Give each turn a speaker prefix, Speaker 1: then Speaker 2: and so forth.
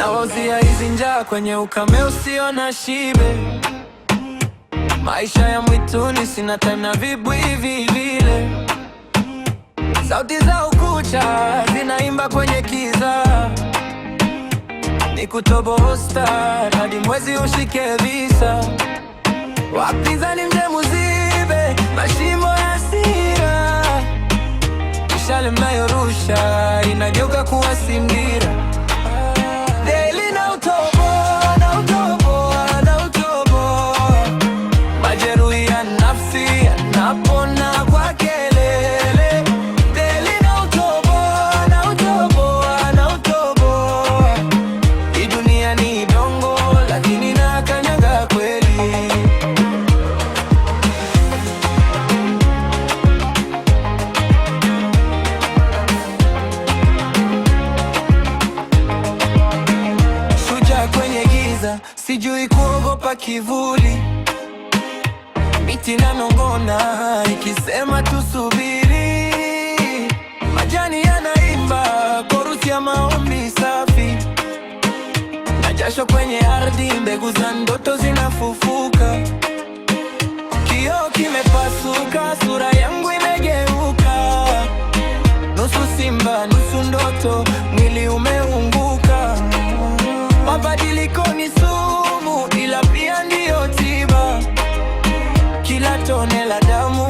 Speaker 1: nawauzia hizi njaa kwenye ukame usio na shibe. Maisha ya mwituni, sina time na vibwi vile. Sauti za ukucha zinaimba kwenye kiza, nikutobosta hadi mwezi ushike visa. Wapinzani mje muzibe mashimo ya sira, mishale mnayorusha inageuka kuwa
Speaker 2: giza, sijui kuogopa kivuli. Miti na nong'ona ikisema tusubiri, majani yanaimba korusi ya maombi safi, na jasho kwenye ardhi, mbegu za ndoto zinafufuka. Kioo kimepasuka, sura yangu imegeuka, nusu simba nusu ndoto, mwili ume Mabadiliko ni sumu, ila pia ndiyo tiba. Kila tone la damu